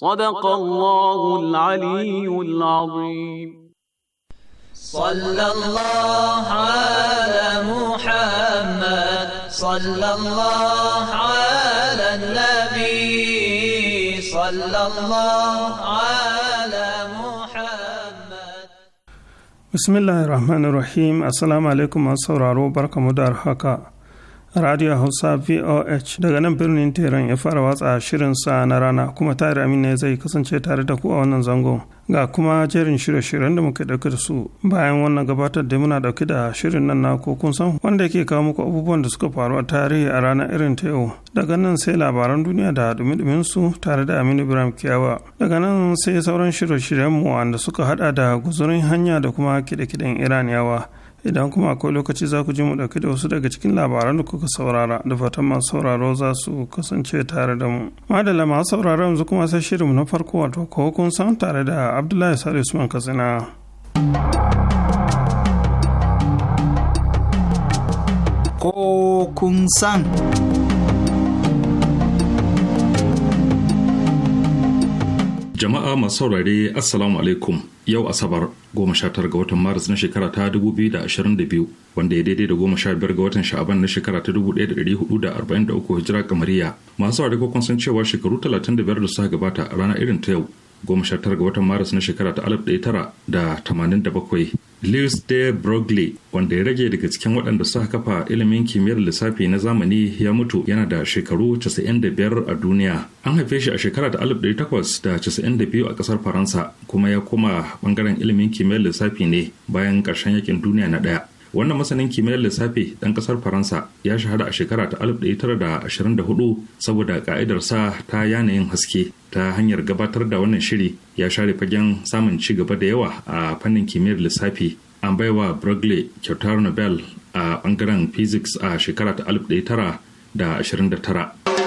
صدق الله العلي العظيم صلى الله على محمد صلى الله على النبي صلى الله على محمد بسم الله الرحمن الرحيم السلام عليكم ورحمة الله وبركاته radio hausa voh daga nan birnin teran ya fara watsa shirin sa na rana kuma tare amina ya zai kasance tare da ku a wannan zangon ga kuma jerin shirye-shiryen da muke ɗauke da su bayan wannan gabatar da muna ɗauke da shirin nan na ko kun san wanda yake kawo muku abubuwan da suka faru a tarihi a ranar irin ta yau daga nan sai labaran duniya da dumi su tare da aminu ibrahim kiyawa daga nan sai sauran shirye-shiryen mu wanda suka hada da guzurin hanya da kuma kide-kiden iraniyawa idan kuma akwai lokaci za ku ji mu ɗauki da wasu daga cikin labaran da kuka saurara da fatan masu sauraro za su kasance tare da mu madalla masu sauraro yanzu kuma sai mu na farko wato ko kun san tare da abdullahi sare usman katsina ko kun san Jama'a masu saurare Assalamu alaikum yau Asabar goma 19 ga watan Maris na shekara ta 2022 wanda ya daidai da goma 15 ga watan Sha'aban na shekara ta uku Hijira kamariya. Masu saurare kokon san cewa shekaru talatin da biyar da suka gabata rana irin ta yau goma sha tara ga watan maris na shekara ta alif ɗaya tara da tamanin da bakwai lewis de broglie wanda ya rage daga cikin waɗanda suka kafa ilimin kimiyyar lissafi na zamani ya mutu yana da shekaru 95 a duniya an haife shi a shekara ta biyu a ƙasar faransa kuma ya koma ɓangaren ilimin kimiyyar lissafi ne bayan ƙarshen yakin duniya na ɗaya wannan masanin kimiyyar lissafi ɗan ƙasar faransa ya shahara a shekara ta 1924 saboda ƙa'idarsa ta yanayin haske ta hanyar gabatar da wannan shiri ya share fagen samun ci gaba da yawa a fannin kimiyyar lissafi an baiwa Bruegel kyautar Nobel a ɓangaren physics a shekara ta 1929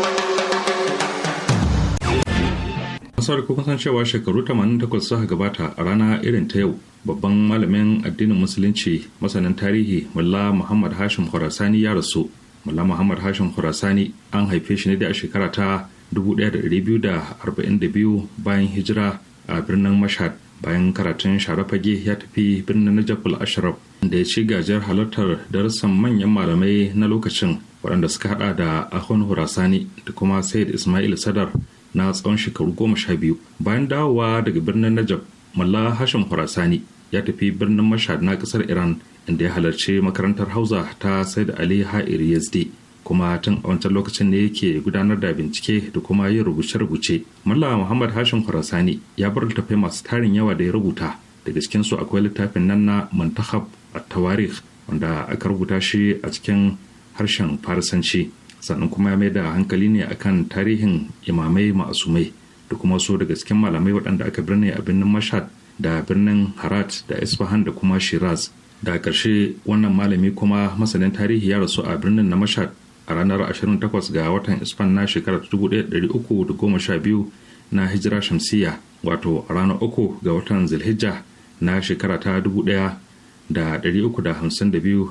kasar harkokin san cewa shekaru 88 suka gabata a rana irin ta yau babban malamin addinin musulunci masanin tarihi mulla muhammad hashim khurasani ya rasu mulla muhammad hashim khurasani an haife shi ne da shekara ta 1242 bayan hijira a birnin mashhad bayan karatun sharafage ya tafi birnin najaful ashraf da ya ci gajiyar halartar darussan manyan malamai na lokacin waɗanda suka haɗa da ahun hurasani da kuma said ismail sadar na tsawon shekaru goma sha biyu bayan dawowa daga birnin najab malla hashim khurasani ya tafi birnin mashhad na kasar iran inda ya halarci makarantar hausa ta said ali ha'ir yazdi kuma tun a wancan lokacin ne yake gudanar da bincike da kuma yin rubuce-rubuce malla muhammad hashim khurasani ya bar littattafai masu tarin yawa da ya rubuta daga cikinsu akwai littafin nan na mantakab at-tawarikh wanda aka rubuta shi a cikin harshen farisanci sannan kuma ya mai da hankali ne akan tarihin imamai ma'asumai da kuma so daga cikin malamai waɗanda aka birne a birnin mashad da birnin harat da isfahan da kuma shiraz da ƙarshe wannan malami kuma masanin tarihi ya rasu a birnin na mashad a ranar 28 ga watan isfan na shekarar 1312 na hijira shamsiya wato a ranar 3 ga watan zilhijja na shekara ta 1352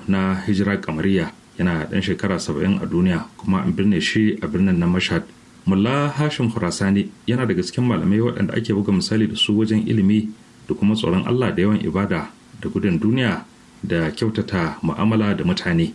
na hijira kamariya yana ɗan shekara saba'in a duniya kuma an birne shi a birnin na mashad mulla hashim khurasani yana daga cikin malamai waɗanda ake buga misali da su wajen ilimi da kuma tsoron allah da yawan ibada da gudun duniya da kyautata mu'amala da mutane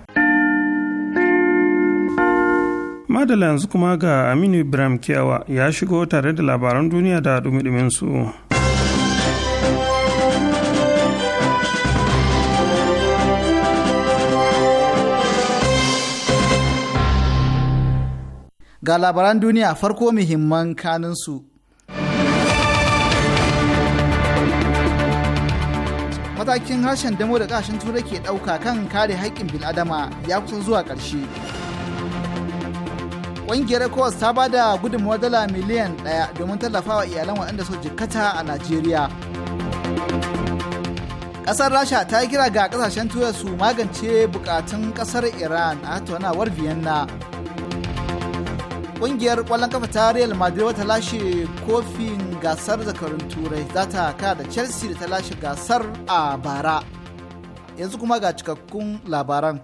madala yanzu kuma ga aminu ibrahim kiyawa ya shigo tare da labaran duniya da dumi su. ga labaran duniya farko muhimman kaninsu matakin harshen damo da kashin turai ke ɗauka kan kare haƙƙin bil'adama ya kusa zuwa ƙarshe Ƙungiyar ECOWAS ta ba da gudunmawar dala miliyan ɗaya domin tallafawa iyalan waɗanda su jikata a Najeriya. Ƙasar Rasha ta yi kira ga ƙasashen Turai su magance buƙatun ƙasar Iran a tattaunawar Vienna. Ƙungiyar ƙwallon kafa ta Real Madrid wata lashe kofin gasar zakarun Turai za ta kara da Chelsea da ta lashe gasar a bara. Yanzu kuma ga cikakkun labaran.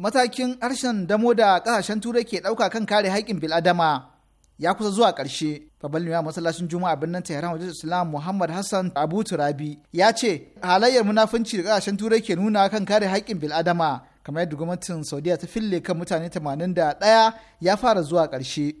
matakin harshen damo da kasashen turai ke ɗauka kan kare haƙƙin bil'adama ya kusa zuwa ƙarshe babban limamin masallacin juma'a birnin tehran wajen islam muhammad hassan abu turabi ya ce halayyar munafunci da kasashen turai ke nuna kan kare haƙƙin bil'adama kamar yadda gwamnatin saudiya ta fille kan mutane da ɗaya ya fara zuwa ƙarshe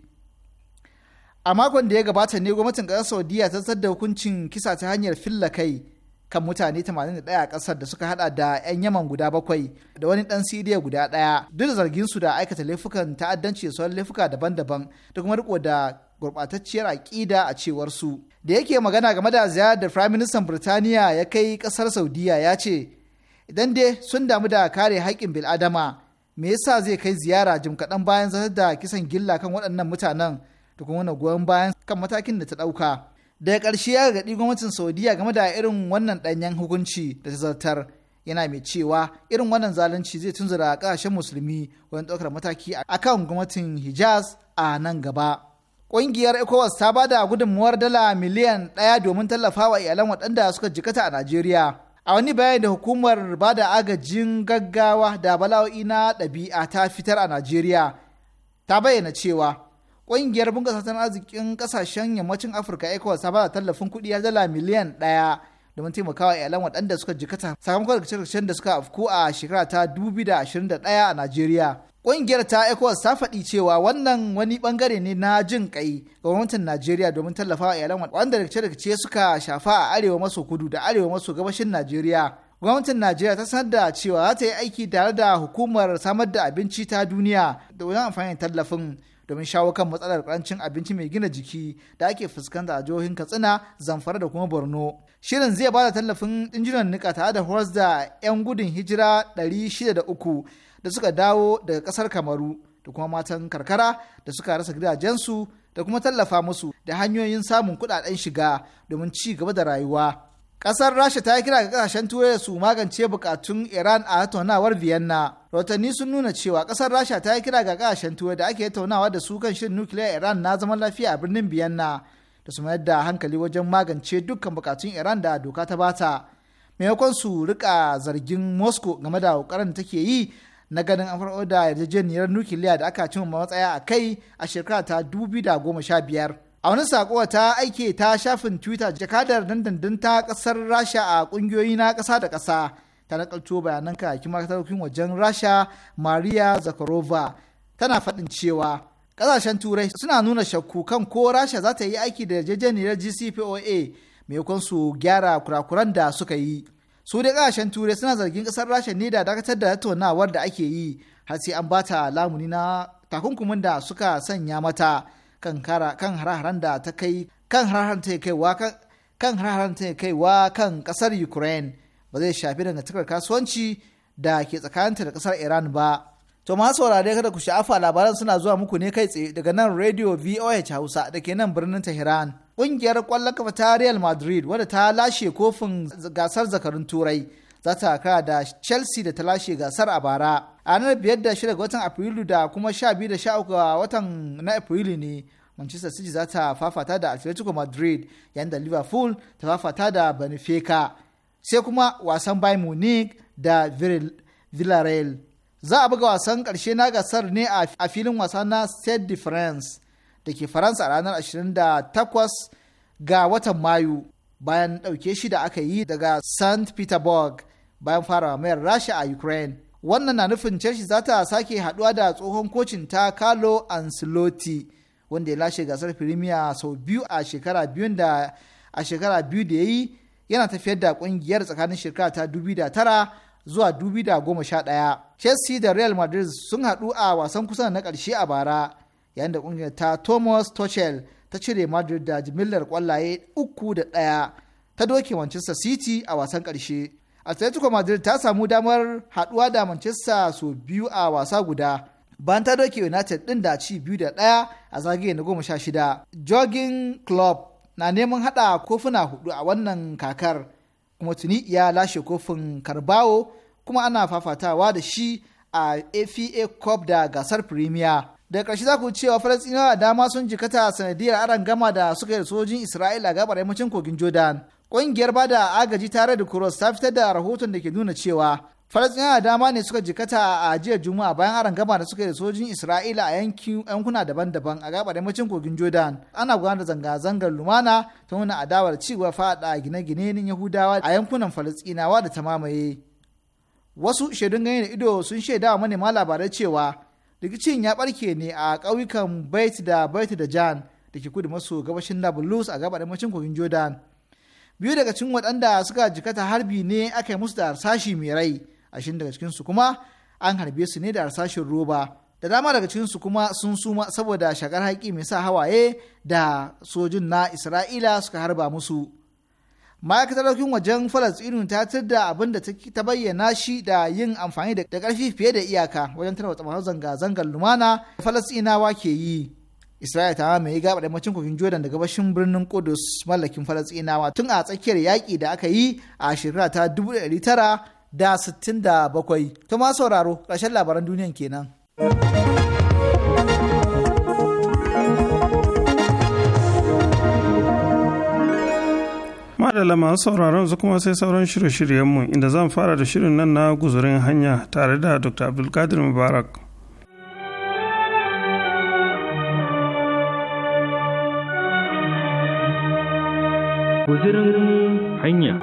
a makon da ya gabata ne gwamnatin ƙasar saudiya ta da hukuncin kisa ta hanyar filla kai kan mutane 81 a kasar da suka hada da 'yan yaman guda bakwai da wani dan siriya guda daya duk da zargin su da aikata laifukan ta'addanci da sauran laifuka daban-daban da kuma riko da gurbatacciyar aƙida a cewar su da yake magana game da ziyarar da firayim ministan birtaniya ya kai kasar saudiya ya ce idan dai sun damu da kare haƙƙin bil'adama me yasa zai kai ziyara jim kaɗan bayan zartar da kisan gilla kan waɗannan mutanen da kuma wani goyon bayan kan matakin da ta ɗauka daga ƙarshe ya gaɗi gwamnatin saudiya game da irin wannan ɗanyen hukunci da ta zartar yana mai cewa irin wannan zalunci zai tunzura ƙasashen musulmi wajen ɗaukar mataki a kan gwamnatin hijaz a nan gaba ƙungiyar ecowas ta ba da gudunmuwar dala miliyan ɗaya domin tallafa wa iyalan waɗanda suka jikata a najeriya a wani bayani da hukumar ba da agajin gaggawa da bala'o'i na ɗabi'a ta fitar a najeriya ta bayyana cewa kungiyar bunƙasa arzikin kasashen yammacin afirka ecowas ta bada tallafin kuɗi ya dala miliyan ɗaya domin taimakawa iyalan waɗanda suka jikata sakamakon rikice-rikicen da suka afku a shekara ta 2021 a najeriya ƙungiyar ta ecowas ta faɗi cewa wannan wani ɓangare ne na jin ƙai gwamnatin najeriya domin tallafawa iyalan waɗanda rikice-rikice suka shafa a arewa maso kudu da arewa maso gabashin najeriya gwamnatin najeriya ta sanar da cewa za ta yi aiki tare da hukumar samar da abinci ta duniya da wajen amfani tallafin domin shawo kan matsalar karancin abinci mai gina jiki da ake fuskanta a jihohin katsina zamfara da kuma borno shirin zai ba da tallafin injinan nika tare da horas da 'yan gudun hijira 603 da suka dawo daga kasar kamaru da kuma matan karkara da suka rasa gidajensu da kuma tallafa musu da hanyoyin samun kudaden shiga domin ci gaba da rayuwa Ƙasar Rasha ta yi kira ga ƙasashen Turai su magance bukatun Iran a tattaunawar Vienna. Rotanni sun nuna cewa kasar Rasha ta yi kira ga ƙasashen Turai da ake tattaunawa da su kan shirin nukiliya Iran na zaman lafiya a birnin Vienna da su mayar da hankali wajen magance dukkan bukatun Iran da doka ta bata. Maimakon su rika zargin Moscow game da ƙoƙarin da take yi na ganin an farko da yarjejeniyar nukiliya da aka cimma matsaya a kai a shekara ta 2015. a wani sako ta aike ta shafin twitter jakadar dandandan ta kasar rasha a kungiyoyi na kasa da kasa ta nakalto bayanan kakin makatarokin wajen rasha maria zakarova tana faɗin cewa ƙasashen turai suna nuna shakku kan ko rasha za ta yi aiki da yarjejeniyar gcpoa maimakon su gyara kurakuran da suka yi su dai ƙasashen turai suna zargin ƙasar rasha ne da dakatar da tattaunawar da ake yi har sai an ba ta lamuni na takunkumin da suka sanya mata kan hare-haren da ta kai kan hare-haren ta kaiwa kan hare-haren ta kaiwa kan kasar Ukraine ba zai shafi dangantakar kasuwanci da ke tsakaninta da kasar Iran ba. To ma saurare kada ku sha'afa labaran suna zuwa muku ne kai tsaye daga nan Radio VOH Hausa da ke nan birnin Tehran. Ƙungiyar ƙwallon kafa ta Real Madrid wadda ta lashe kofin gasar zakarun Turai za ta kara da chelsea da ta lashe gasar a bara a ranar biyar da shida ga watan afrilu da kuma sha biyu da sha uku a watan na afrilu ne manchester city za ta fafata da atletico madrid yayin da liverpool ta fafata da benfica sai kuma wasan bayern munich da villarreal za a buga wasan karshe na gasar ne a filin wasa na stade de france da ke faransa a ranar 28 ga watan mayu bayan dauke shi da aka yi daga st peterburg bayan farawa mayar rasha a ukraine wannan na nufin chelsea za ta sake haduwa da tsohon kocin ta carlo ancelotti wanda ya lashe gasar firimiya sau biyu a shekara biyu da a shekara biyu da ya yi yana tafiyar da kungiyar tsakanin shekara ta tara zuwa ɗaya. chelsea da real madrid sun haɗu a wasan kusa na ƙarshe a bara yayin da kungiyar ta thomas tuchel ta cire madrid da jimillar kwallaye uku da ɗaya ta doke manchester city a wasan ƙarshe atletico madrid ta samu damar haduwa da manchester sau biyu a wasa guda bayan ta doke united din da ci biyu da ɗaya a zagaye na goma sha shida jogging club na neman hada kofuna hudu a wannan kakar kuma tuni ya lashe kofin karbawo kuma ana fafatawa da shi a afa cup da gasar premier da ƙarshe za ku cewa falasɗinawa dama sun jikata sanadiyar aron gama da suka yi da sojin isra'ila gabar yammacin kogin jordan Ƙungiyar bada agaji tare da Kuros ta fitar da rahoton da ke nuna cewa Falasɗinawa dama ne suka jikata a jiya Juma'a bayan aron gaba da suka yi da sojin Isra'ila a yankin yankuna daban-daban a gabar yammacin kogin Jordan. Ana gudanar da zanga-zangar lumana ta nuna adawar cewa faɗa gine-gine Yahudawa a yankunan Falasɗinawa da ta mamaye. Wasu shaidun gani da ido sun shaida wa manema labarai cewa rikicin ya ɓarke ne a ƙauyukan Bait da Bait da Jan da ke kudu maso gabashin Nablus a gabar yammacin kogin Jordan. biyu daga cikin waɗanda suka jikata harbi ne aka yi musu da harsashi mai rai ashirin daga cikinsu kuma an harbe su ne da harsashin roba da dama daga cikin su kuma sun suma saboda shakar haƙi mai sa hawaye da sojin na isra'ila suka harba musu ma'aikatar daukin wajen falastinu ta da abin da ta bayyana shi da yin amfani da ƙarfi fiye da iyaka wajen tarwatsa masu zanga-zangar lumana da falastinawa ke yi Isra'ila ta gaba da yammacin kogin Jordan da gabashin birnin Kudus mallakin Falasɗinawa tun a tsakiyar yaƙi da aka yi a shekara ta da 1967. bakwai ma sauraro ƙarshen labaran duniyan kenan. Madala masu sauraron su kuma sai sauran shirye-shiryenmu inda zan fara da shirin nan na guzurin hanya tare da Dr. Abdulkadir Mubarak. guzirin hanya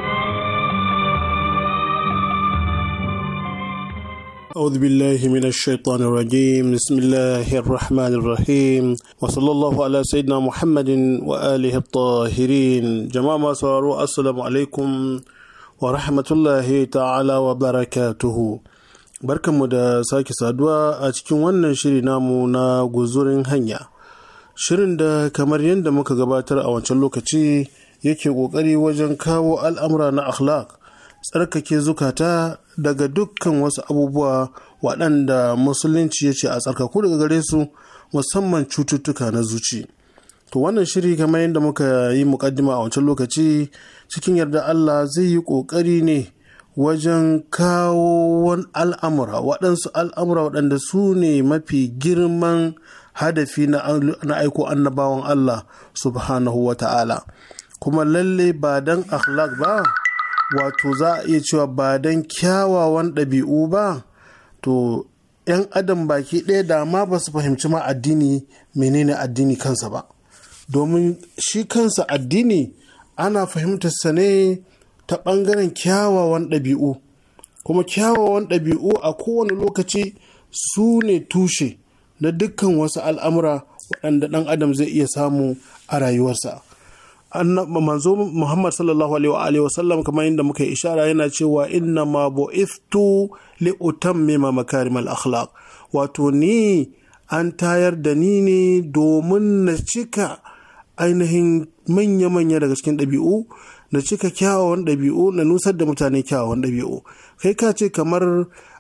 أعوذ بالله من الشيطان الرجيم بسم الله الرحمن الرحيم وصلى الله على سيدنا محمد وآله الطاهرين جماعة ما صاروا السلام عليكم ورحمة الله تعالى وبركاته barkanmu da sake saduwa a cikin wannan shiri namu na guzurin hanya shirin da kamar yadda muka gabatar a wancan lokaci yake ƙoƙari wajen kawo al'amura na akhlaq tsarkake zukata daga dukkan wasu abubuwa waɗanda musulunci ya ce a tsarkaku daga gare su musamman cututtuka na zuci to wannan shiri kamar yadda muka yi mukaddima a wancan lokaci cikin yarda allah zai yi ƙoƙari ne wajen kawo wani al'amura waɗansu al'amura waɗanda su ne mafi girman hadafi na aiko annabawan allah subhanahu wa ta'ala kuma lalle ba don akhlaq ba wato za a iya cewa ba don kyawawan ɗabi'u ba to 'yan adam baki ɗaya da ma ba su fahimci ma addini menene addini kansa ba domin shi kansa addini ana fahimtarsa ne ta ɓangaren kyawawan ɗabi'u kuma kyawawan ɗabi'u a kowane lokaci su ne tushe na dukkan wasu al'amura waɗanda ɗan adam zai iya samu a rayuwarsa manzo Muhammad sallallahu alaihi wa sallam kamar yadda muka yi ishara yana cewa inna ma bu'ithtu li utammima al akhlaq wato ni an tayar da ni ne domin na cika ainihin manya-manya daga cikin ɗabi'u na cika kyawawan ɗabi'u na nusar da mutane kyawawan ɗabi'u kai ka ce kamar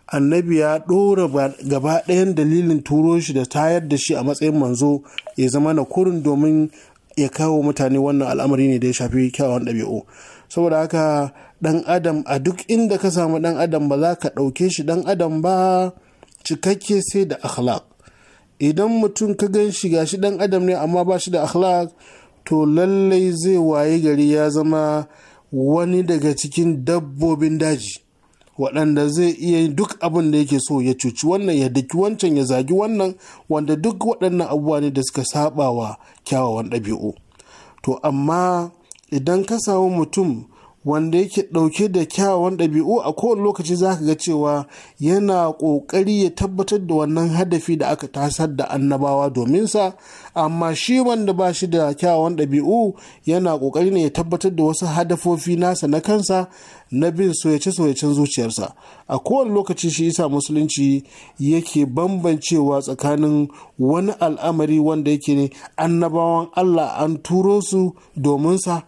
annabi ya ɗora gaba ɗayan dalilin turo shi da tayar da shi a matsayin manzo ya zama na kurin domin ya kawo mutane wannan al'amari ne da ya shafi kyawawan ɗabi'u saboda haka ɗan adam a duk inda ka samu ɗan adam ba za ka ɗauke shi ɗan adam ba cikakke sai da akhlaq idan mutum ka gan shi gashi ɗan adam ne amma ba shi da akhlaq to lallai zai waye gari ya zama wani daga cikin dabbobin daji waɗanda zai iya duk abin da yake so ya cuci wannan ya daki wancan ya zagi wannan wanda duk waɗannan abubuwa ne da suka saba wa kyawawan ɗabi'u to amma idan ka samu mutum wanda yake ɗauke da kyawawan ɗabi'u a kowane lokaci za ka ga cewa yana ƙoƙari ya tabbatar da wannan hadafi da aka tasar da annabawa dominsa amma shi wanda ba shi da kyawawan ɗabi'u yana ƙoƙari ne ya tabbatar da wasu hadafofi nasa na kansa na bin soyace-soyacen zuciyarsa a kowane lokaci shi isa musulunci yake bambancewa tsakanin wani al'amari wanda yake ne annabawan allah an turo su dominsa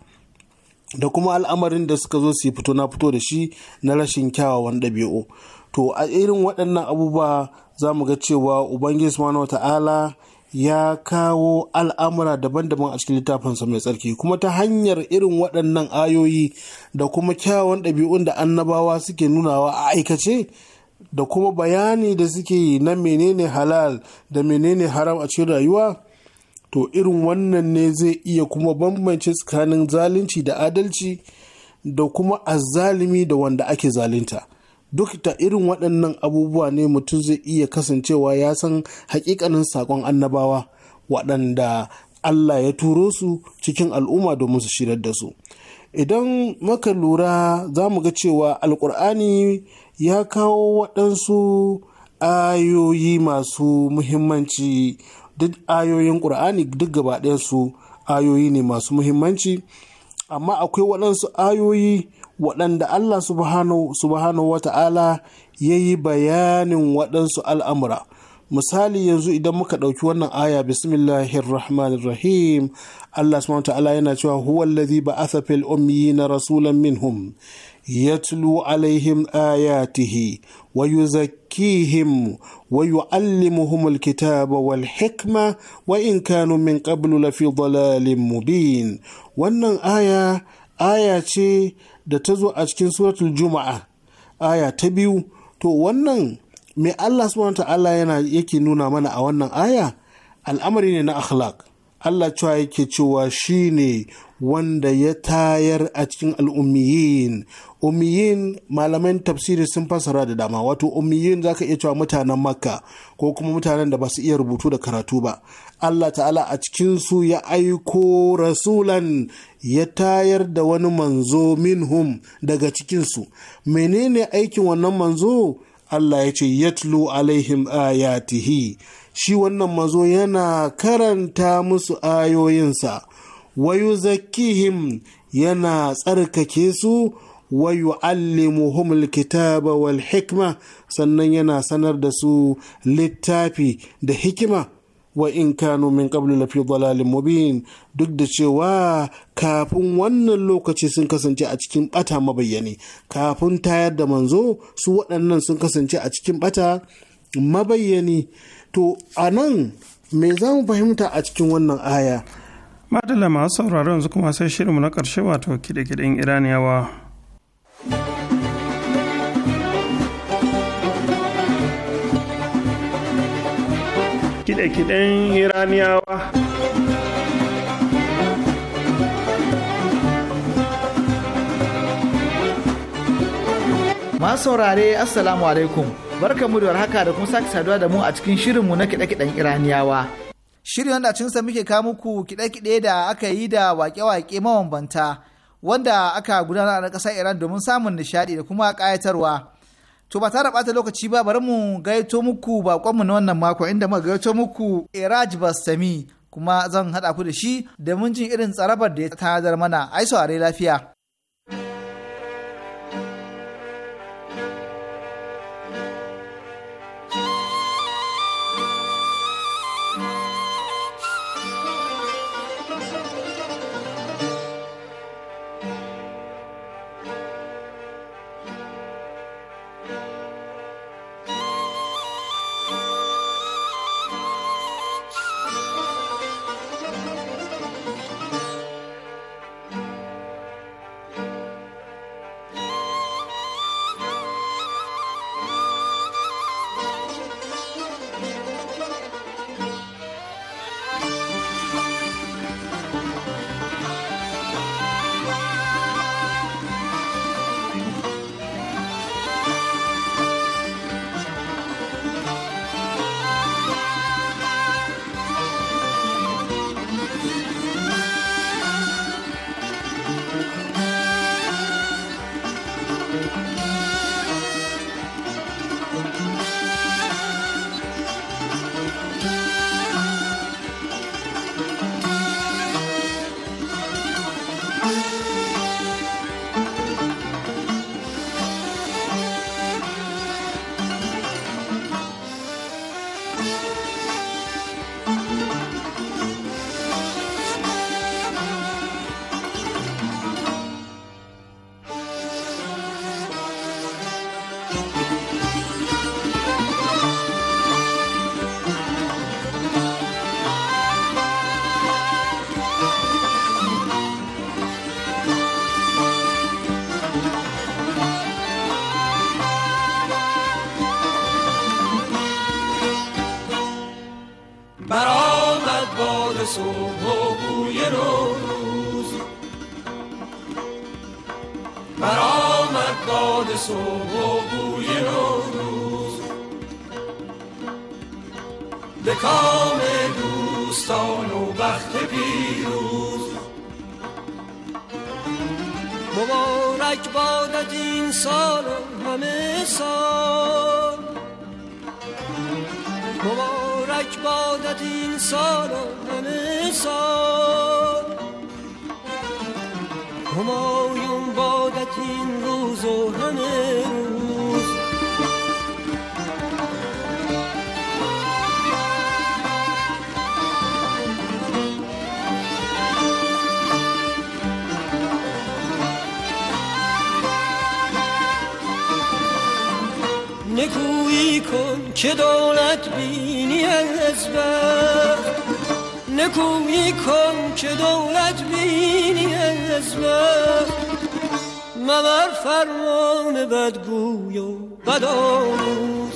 da kuma al'amarin da suka zo su yi fito na fito da shi na rashin kyawawan ɗabi'u to a irin waɗannan abubuwa za mu ga cewa ubangiji subhanahu ta'ala ya kawo al'amura daban-daban a cikin littafinsa mai tsarki kuma ta hanyar irin waɗannan ayoyi da kuma kyawawan ɗabi'un da annabawa suke nunawa a aikace da kuma bayani da suke yi na menene halal da menene haram a cikin rayuwa to irin wannan ne zai iya kuma bambance tsakanin zalunci da adalci da kuma azalimi da wanda ake zalunta duk ta irin waɗannan abubuwa ne mutum zai iya kasancewa ya san hakikanin saƙon annabawa waɗanda Allah ya turo su cikin al'umma domin su shirar da su idan maka lura za mu ga cewa alkur'ani ya kawo waɗansu ayoyi masu muhimmanci duk ayoyin ƙur'ani duk gaba su ayoyi ne masu muhimmanci amma akwai waɗansu ayoyi waɗanda Allah subhanahu wa ta'ala ya yi bayanin waɗansu al'amura misali yanzu idan muka ɗauki wannan aya bismillahir rahmanir rahim Allah subhanahu wa ta'ala yana cewa huwa allazi ba'atha fil ummiyina rasulan minhum yatlu alaihim ayatihi wa yi zaki him wa yi alimuhumul kitaba wal hikma wa in kanu min kabilu lafi dalalin mubin wannan aya aya ce da ta zo a cikin suratul juma'a aya ta biyu to wannan mai allah su wanta allah yana yake nuna mana a wannan aya al'amari ne na akhlaq Allah cewa yake cewa shi ne wanda ya tayar a cikin al'ummiyin umiyin malaman tafsiri sun fasara da dama wato ummiyin zaka iya cewa mutanen makka ko kuma mutanen da ba su iya rubutu da karatu ba allah ta'ala a cikin su ya aiko rasulan ya tayar da wani manzo minhum daga cikinsu menene aikin wannan manzo allah ya ce yatlu alaihim ayatihi shi wannan manzo yana karanta musu ayoyinsa wayu zakihim yana tsarkake su wayu allimuhumul kitaba wal hikma sannan yana sanar da su littafi da hikima wa in kanu min qablu lafi dalalin mubin duk da cewa kafin wannan lokaci sun kasance a cikin bata mabayyani kafin tayar da manzo su waɗannan sun kasance a cikin bata mabayyani to anan me za mu fahimta a cikin wannan aya madalla masu sauraro yanzu kuma sai shirinmu na ƙarshe wato kiɗe-kiɗen iraniyawa kiɗe-kiɗen iraniyawa masu saurare assalamu alaikum barkamu da warhaka da kuma sake saduwa da mu a cikin shirinmu na kiɗe-kiɗen iraniyawa Shirin wanda sa muke kawo muku kiɗe-kiɗe da aka yi da waƙe-waƙe mabambanta wanda aka gudanar a ƙasar Iran domin samun nishaɗi da kuma ƙayatarwa. To ba tare ɓata lokaci ba bari mu gaito muku baƙonmu na wannan mako inda muka gaito muku Iraj Bastami kuma zan haɗa ku da shi da mun jin irin tsarabar da ya tanadar mana ai saurare lafiya. مبارک بادت این سال همه سال همایون بادت این روز و همه می کن که دولت بینی از بر نکویی کن که دولت بینی از بر مبر فرمان بدگوی و بدآموز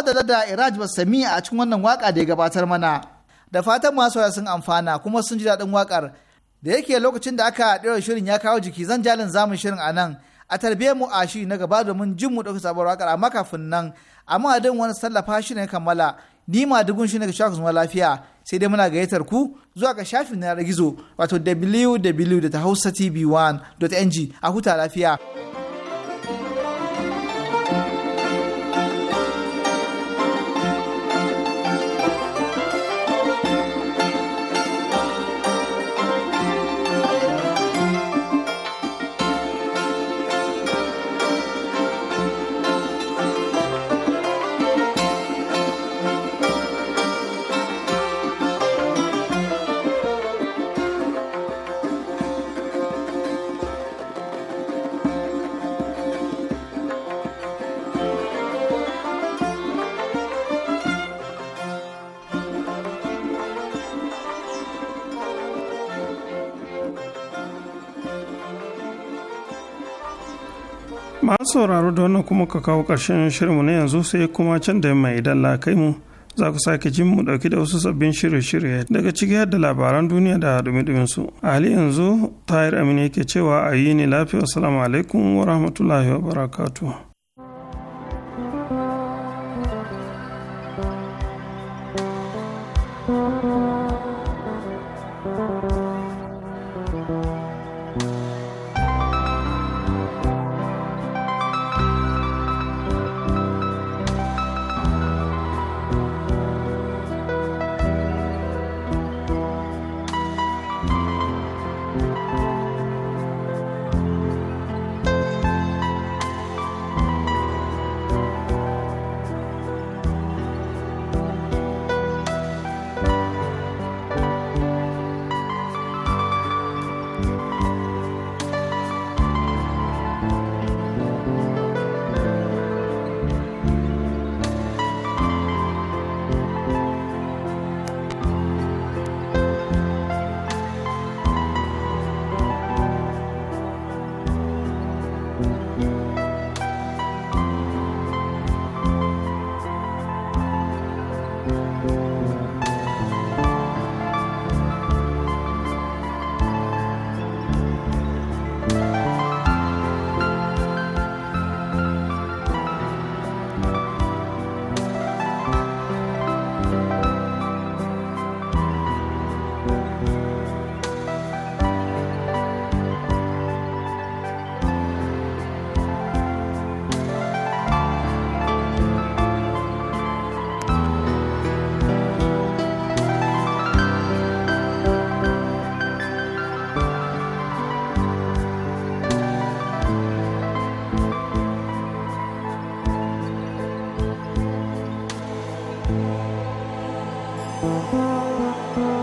fadala da iraj basamiya a cikin wannan waka da ya gabatar mana da fatan masu sun amfana kuma sun ji daɗin wakar da yake lokacin da aka ɗaura shirin ya kawo jiki zan jalin zamun shirin a nan a tarbiyyar mu a shiri na gaba domin jin mu ɗauki sabuwar wakar amma kafin nan amma don wani tallafa shi ne kammala ni ma dugun shi ne ga shafin zuma lafiya sai dai muna gayyatar ku zuwa ga shafin na gizo wato www.hausatv1.ng a huta lafiya. an sauraro da wannan kuma ka kawo ƙarshen shirinmu na yanzu sai kuma can da mai idan la kai mu za ku sake jin mu ɗauki da wasu sabbin shirye-shirye daga ciki da labaran duniya da dumi su a hali yanzu tahir amin yake cewa a yi ne lafiya assalamu alaikum wa rahmatullahi wa barakatu. Thank you.